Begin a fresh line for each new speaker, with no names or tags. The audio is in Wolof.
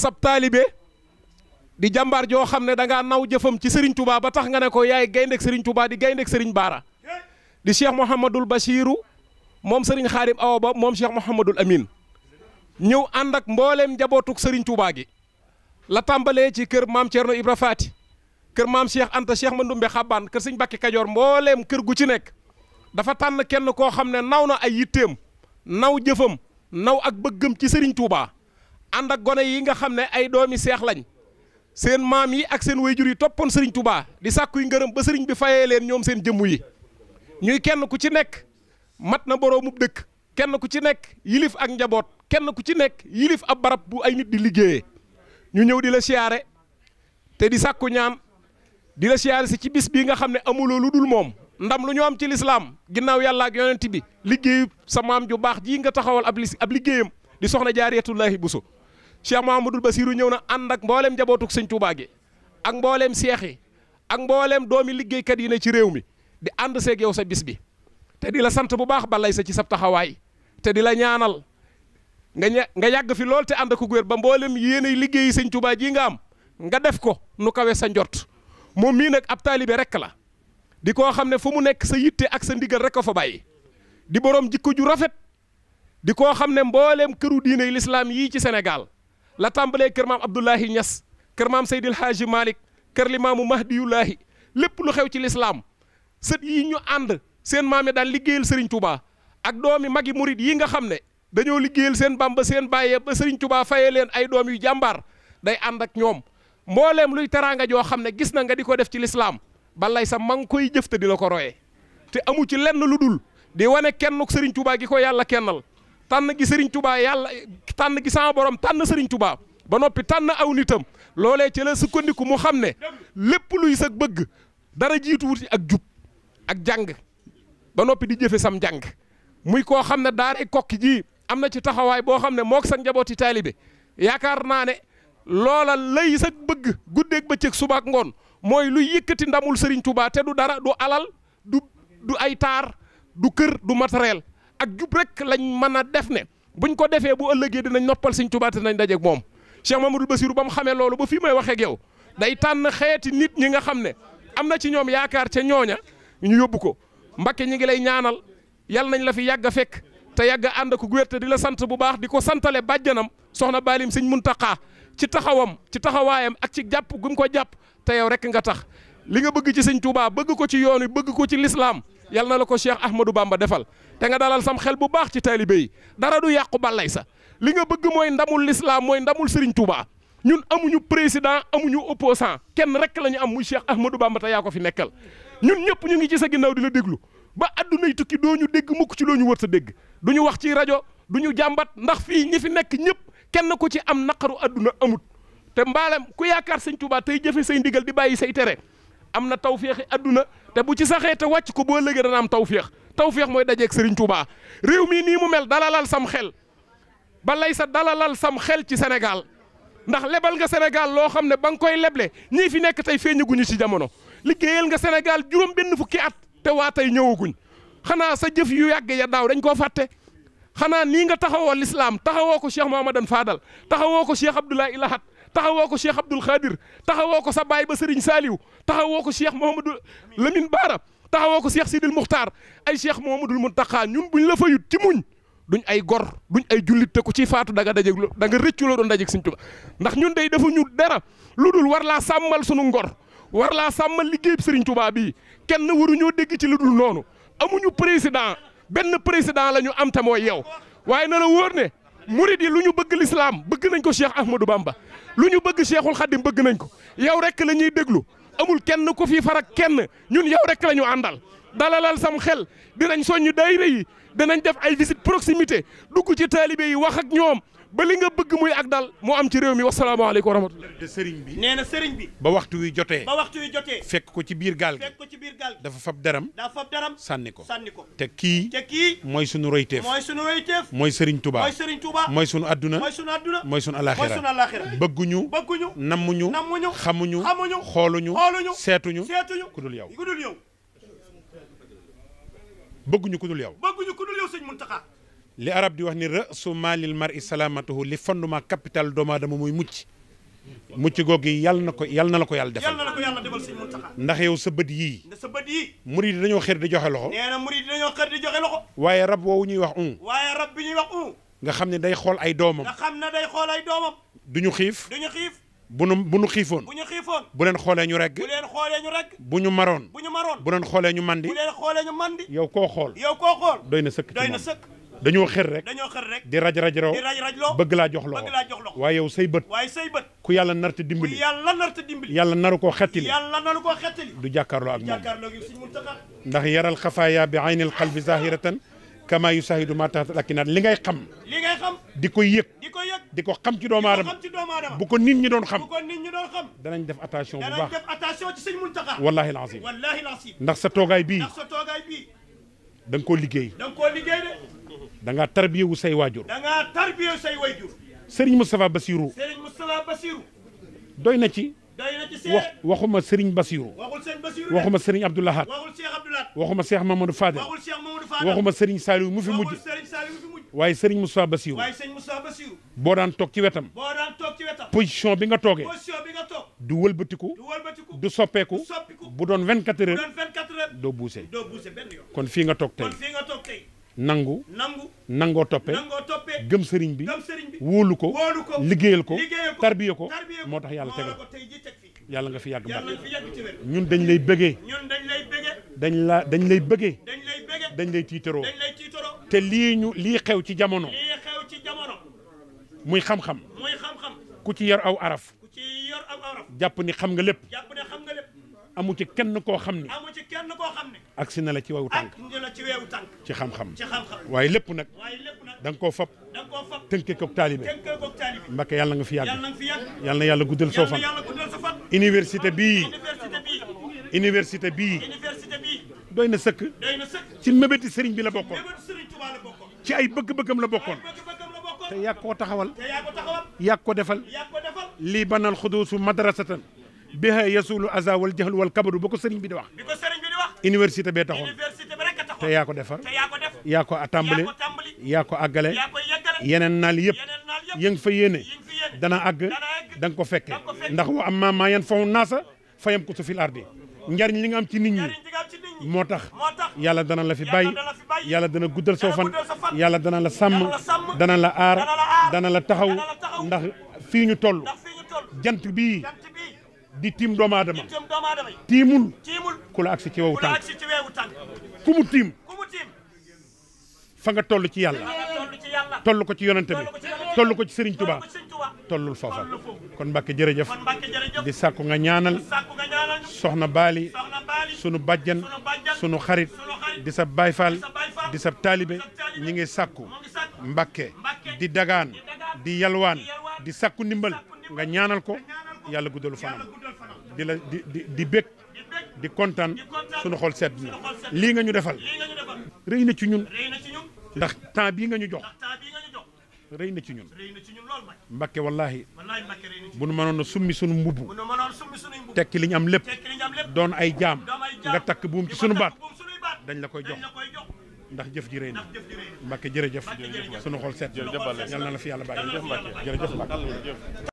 sab taalibe di jàmbaar joo xam ne danga naw jëfam ci Serigne Touba ba tax nga ne ko yaay gayndeg Serigne Touba di gayndeg Serigne Baara di Cheikh Mouhamadul Bachiru moom sëriñ Xaadim Awa Ba moom Cheikh Mouhamadul amiin ñëw ànd ak mbooleem njabootug sëriñ Touba gi la tàmbalee ci kër maam Thierno Ibra Faati kër maam Cheikh Anta Cheikh Mandumbe Xabaan kër Sëñ Bakke Kajoor mbooleem kër gu ci nekk dafa tànn kenn koo xam ne naw na ay yitteem naw jëfam naw ak bëggam ci Serigne Touba. ànd ak gone yi nga xam ne ay doomi seex lañ seen maam yi ak seen wayjur yi toppoon sëriñ tubaa di sàkkuy ngërëm ba sëriñ bi fayee leen ñoom seen jëmm yi ñuy kenn ku ci nekk mat na boroomub dëkk kenn ku ci nekk yilif ak njaboot kenn ku ci nekk yilif ab barab bu ay nit di liggéeyee ñu ñëw di la siyaare te di sàkku ñaan di la siyaare si ci bis bii nga xam ne amuloo lu dul moom ndam lu ñu am ci lislaam ginnaaw yàlla ak yonent bi liggéeyu sa maam ju baax jii nga taxawal ab ab liggéeyam di soxna jaariyatullaahi buso Cheikh Mouhamadul Basiru ñëw na ànd ak mbooleem njabootug sëñ Tuubaa gi ak mbooleem seex ak mbooleem doomi liggéeykat yi ne ci réew mi di ànd seeg yow sa bis bi te di la sant bu baax balay sa ci sab taxawaay te di la ñaanal nga ña nga yàgg fi lool te ànd ak wér ba mbooleem yéenay liggéeyi sëñ Tuubaa ji nga am nga def ko nu kawe sa njort moom mii nag ab taalibe rek la di koo xam ne fu mu nekk sa yitte ak sa ndigal rek ko fa bàyyi di boroom jikko ju rafet di koo xam ne mbooleem këru diine lislaam yii ci Sénégal la tàmbalee kër maam Abdoulahi Niass kër maam Seydil Haaji Malick kër limaamu Mahdiyullahi lépp lu xew ci lislaam sët yi ñu ànd seen maam yi daan liggéeyal Serigne Touba ak doomi magi murid yi nga xam ne dañoo liggéeyal seen bamba seen bàyyee ba Serigne Touba fayee leen ay doom yu jàmbaar day ànd ak ñoom mbooleem luy teraanga joo xam ne gis na nga di ko def ci lislaam balay sa ma ngi koy jëf te di la ko royee te amu ci lenn lu dul di wane kenn Serigne tubaa gi ko yàlla kennal yàlla tànn gi sama borom tànn sëriñ Touba ba noppi tànn aw nitam loolee ci la sukkandiku mu xam ne lépp luy sa bëgg dara jiituwuti ak jub ak jàng ba noppi di jëfe sam jàng muy koo xam ne daaree kokki ji am na ci taxawaay boo xam ne moo mook sa njabooti taalibe yaakaar naa ne loola lay sa bëgg guddeeg bëccëg subaak ngoon mooy lu yëkkati ndamul sëriñ Touba te du dara du alal du du ay taar du kër du matériel ak jub rek lañ mën a def ne bu ñu ko defee bu ëllëgee dinañ noppal sëñ Tuubaa te nañ dajeeg moom Cheikh Mamadou Bassirou ba mu xamee loolu ba fi may waxee ak yow day tànn xeeti nit ñi nga xam ne am na ci ñoom yaakaar ca ñooña ñu yóbbu ko Mbakke ñi ngi lay ñaanal yal nañ la fi yàgg a fekk te yàgg a ànd ko te di la sant bu baax di ko santale bàjjanam soxna Baalim sëñ Muntaxa ci taxawam ci taxawaayam ak ci jàpp gu ko jàpp te yow rek nga tax li nga bëgg ci sëñ Touba bëgg ko ci yoon wi bëgg ko ci lislaam yal na la ko Cheikh Ahmadou Bamba defal te nga dalal sam xel bu baax ci taalibe yi dara du yàqu ballay sa li nga bëgg mooy ndamul lislaam mooy ndamul Serigne Touba ñun amuñu président amuñu opposant kenn rek la ñu am muy Cheikh Ahmadou Bamba te yaa ko fi nekkal ñun ñëpp ñu ngi ci sa ginnaaw di la déglu ba addunay tukki doo ñu dégg mukk ci loo ñu wër sa dégg du ñu wax ci rajo du ñu jàmbat ndax fii ñi fi nekk ñëpp kenn ku ci am naqaru adduna amut te mbaaleem ku yaakaar sëñ Touba tey jëfe say ndigal di bàyyi say tere am na tawféexi adduna te bu ci saxee te wàcc ko boo léegi dana am tawféex tawféex mooy dajeeg Serigne Touba réew mii nii mu mel dalalal sam xel balay sa dalalal sam xel ci Sénégal ndax lebal nga Sénégal loo xam ne ba nga koy leble ñii fi nekk tey feeñaguñu ci jamono liggéeyal nga Sénégal juróom benn fukki at te waa tey ñëwaguñ xanaa sa jëf yu yàgg ya daaw dañ koo fàtte xanaa nii nga taxawoo lislaam taxawoo ko Cheikh Mouhamadan faadal taxawoo ko Cheikh Abdoulaye taxawoo ko cheikh Abdoul Khadir taxawoo ko sa baay ba Serigne Saliou taxawoo ko cheikh Mouhamadou Lamine Baara taxawoo ko cheikh Sidil Muxtaar ay cheikh Mouhamadoul Mountakha ñun buñ la fayut ci muñ duñ ay gor duñ ay jullit te ku ci faatu da nga dajeeg da nga rëccu loo doon dajeeg Serigne Touba ndax ñun day dafa ñu dara lu dul war laa sàmmal sunu ngor war laa sàmmal liggéeyub Serigne Touba bii kenn waru ñoo dégg ci lu dul noonu amuñu président benn président la ñu am te mooy yow waaye na la murid yi lu ñu bëgg lislaam bëgg nañ ko Cheikh Ahmadou Bamba lu ñu bëgg Cheikhul Khadim bëgg nañ ko yow rek la ñuy déglu amul kenn ku fii farak kenn ñun yow rek la ñu àndal dalalal sam xel dinañ soññ daayira yi danañ def ay visite proximité dugg ci taalibe yi wax ak ñoom ba li bëgg muy ak daal moo am ci réew mi wasalaamaaleykum wa rahmatulah.
de sëriñ bi nee na sëriñ bi. ba waxtu wi jotee. ba waxtu jotee.
fekk ko ci biir gaal gi. ko ci biir gaal gi dafa fab daram. dafa fab sànni ko sànni ko. te kii. te mooy suñu royteef. mooy
sunu royteef.
mooy sëriñ Tuubaa. mooy mooy sunu adduna. mooy sunu
adduna. mooy sunu alaxira. mooy sunu alaxira. bëgguñu. bëgguñu
nammuñu. nammuñu xamuñu. xamuñu xooluñu. xooluñu seetuñu. seetuñu ku dul yow ku dul yow. bëgguñu ku dul yow.
bëgguñu ku dul yow
li arab di wax ni ra'su maalil mar'i salaamatuhu li fondement capital doomu aadama mooy mucc mucc googu yàlla na ko yàlla na la ko yàlla defal
na ko yàlla defal
ndax yow sa bët yii sa yi dañoo xër di joxe loxo nee
na dañoo xër di joxe loxo
waaye rab woowu ñuy wax un
waaye rab bi ñuy wax un
nga xam ne day xool ay doomam nga
xam ne day xool duñu xiif xiif
bu nu bu nu xiifoon bu ñu xiifoon bu leen xoolee ñu rek bu ñu maroon bu bu leen xoolee ñu mandi bu leen
xoolee koo xool yow koo xool
doy na sëkk doy na sëkk dañoo xër rek dañoo xër rek di raj raj loo bëgg laa jox loxo bëgg laa waaye yow say bët waaye say bët ku yàlla nar dimbali ku
yàlla narta
naru koo xettali yàlla naru du jàkkaarloo ak moom jàkkaarloo ndax yaral xafaaya bi aynil qalbi zahiratan kama yusahidu ma taxta lakinaat li ngay xam li ngay xam di ko yëg di ko yëg di ko xam ci doom aadama bu ko nit ñi doon xam bu
ko nit ñi doon xam
danañ def attention bu baax
danañ def ci sëñ muntaxa wallahi alazim ndax sa toogaay bii
ndax ko liggéey
liggéey de
danga ngaa tarbiyewu say waajur.
da ngaa tarbiyewu doy na ci. doy na ci seet wax
waxuma Serigne Bassirou. waxul
Serigne Bassirou waxuma Serigne
Abdou Lahad. waxul Cheikh Abdou Lahad. waxuma Cheikh Mamadou fi mujj. waaye Serigne Moustapha Bassirou. boo daan toog ci wetam.
boo position bi nga tooge position bi nga
du wëlbatiku. du soppeeku. du bu doon 24 heures. bu doon doo buuse. fii nga toog kon fii nga toog tey. nangu nangu nangoo toppe gëm sëriñ bi wóolu ko liggéeyal ko tarbiya ko moo tax yàlla tegal yàlla nga fi yàgg ba ñun dañ lay bëggee dañ la dañ lay bëggee dañ lay tiitaroo te lii ñu lii xew ci jamono muy xam-xam ku ci yor aw araf jàpp ni xam nga lépp amu ci kenn koo xam ne agsi na la ci wewu tànk la ci xam-xam waaye lépp nag
waaye koo fab da
nga koo taalibe
tënkee
yàlla nga fi yàgg yàlla yàlla na yàlla guddal soo fan yàlla guddal sa université bii université bii doy na sëkk ci mébéti sëriñ bi la bokkoon ci ay bëgg-bëggam la bokkoon te yàgg koo taxawal te yàgg ko defal lii banal xuduusu madrasatan biha yasulu aza wal jahl wal kabadu ba ko sëriñ bi di wax université bee taxoon te yaa ko defar yaa ko a tàmbali yaa ko àggale yeneen naal yëpp yëng fa yéene dana àgg da ko fekke ndax wa am ma maa yan fawu naasa fayam ko su fil ardi njariñ li nga am ci nit ñi moo tax yàlla dana la fi bàyyi yàlla dana guddal soo fan yàlla dana la sàmm dana la aar dana la taxaw ndax fii ñu toll jant bii di tiim doomu adama tiimul ku la agsi ci wewu tànk fu mu tiim fa nga toll ci yàlla toll ko ci yonente bi toll ko ci sëriñ Touba tollu foofa kon Mbacke jërëjëf di sàkku nga ñaanal soxna Baali sunu bàjjan sunu xarit di sa bayfaal di sa taalibe ñu ngi sàkku mbakke di dagaan di yalwaan di sakku ndimbal nga ñaanal ko yàlla guddalu fanam di la di di di bég di kontaan suñu xol sedd na lii nga ñu defal rëy na ci ñun ndax temps bii nga ñu jox rëy na ci ñun mbakke wallaahi bu nu mënoon a summi sunu mbubb tekki li ñu am lépp doon ay jaam nga takk buum ci sunu baat dañ la koy jox ndax jëf ji rëy na mbakke jërëjëf sunu xol sedd yal na la fi yàlla bàyyi jërëjëf mbakke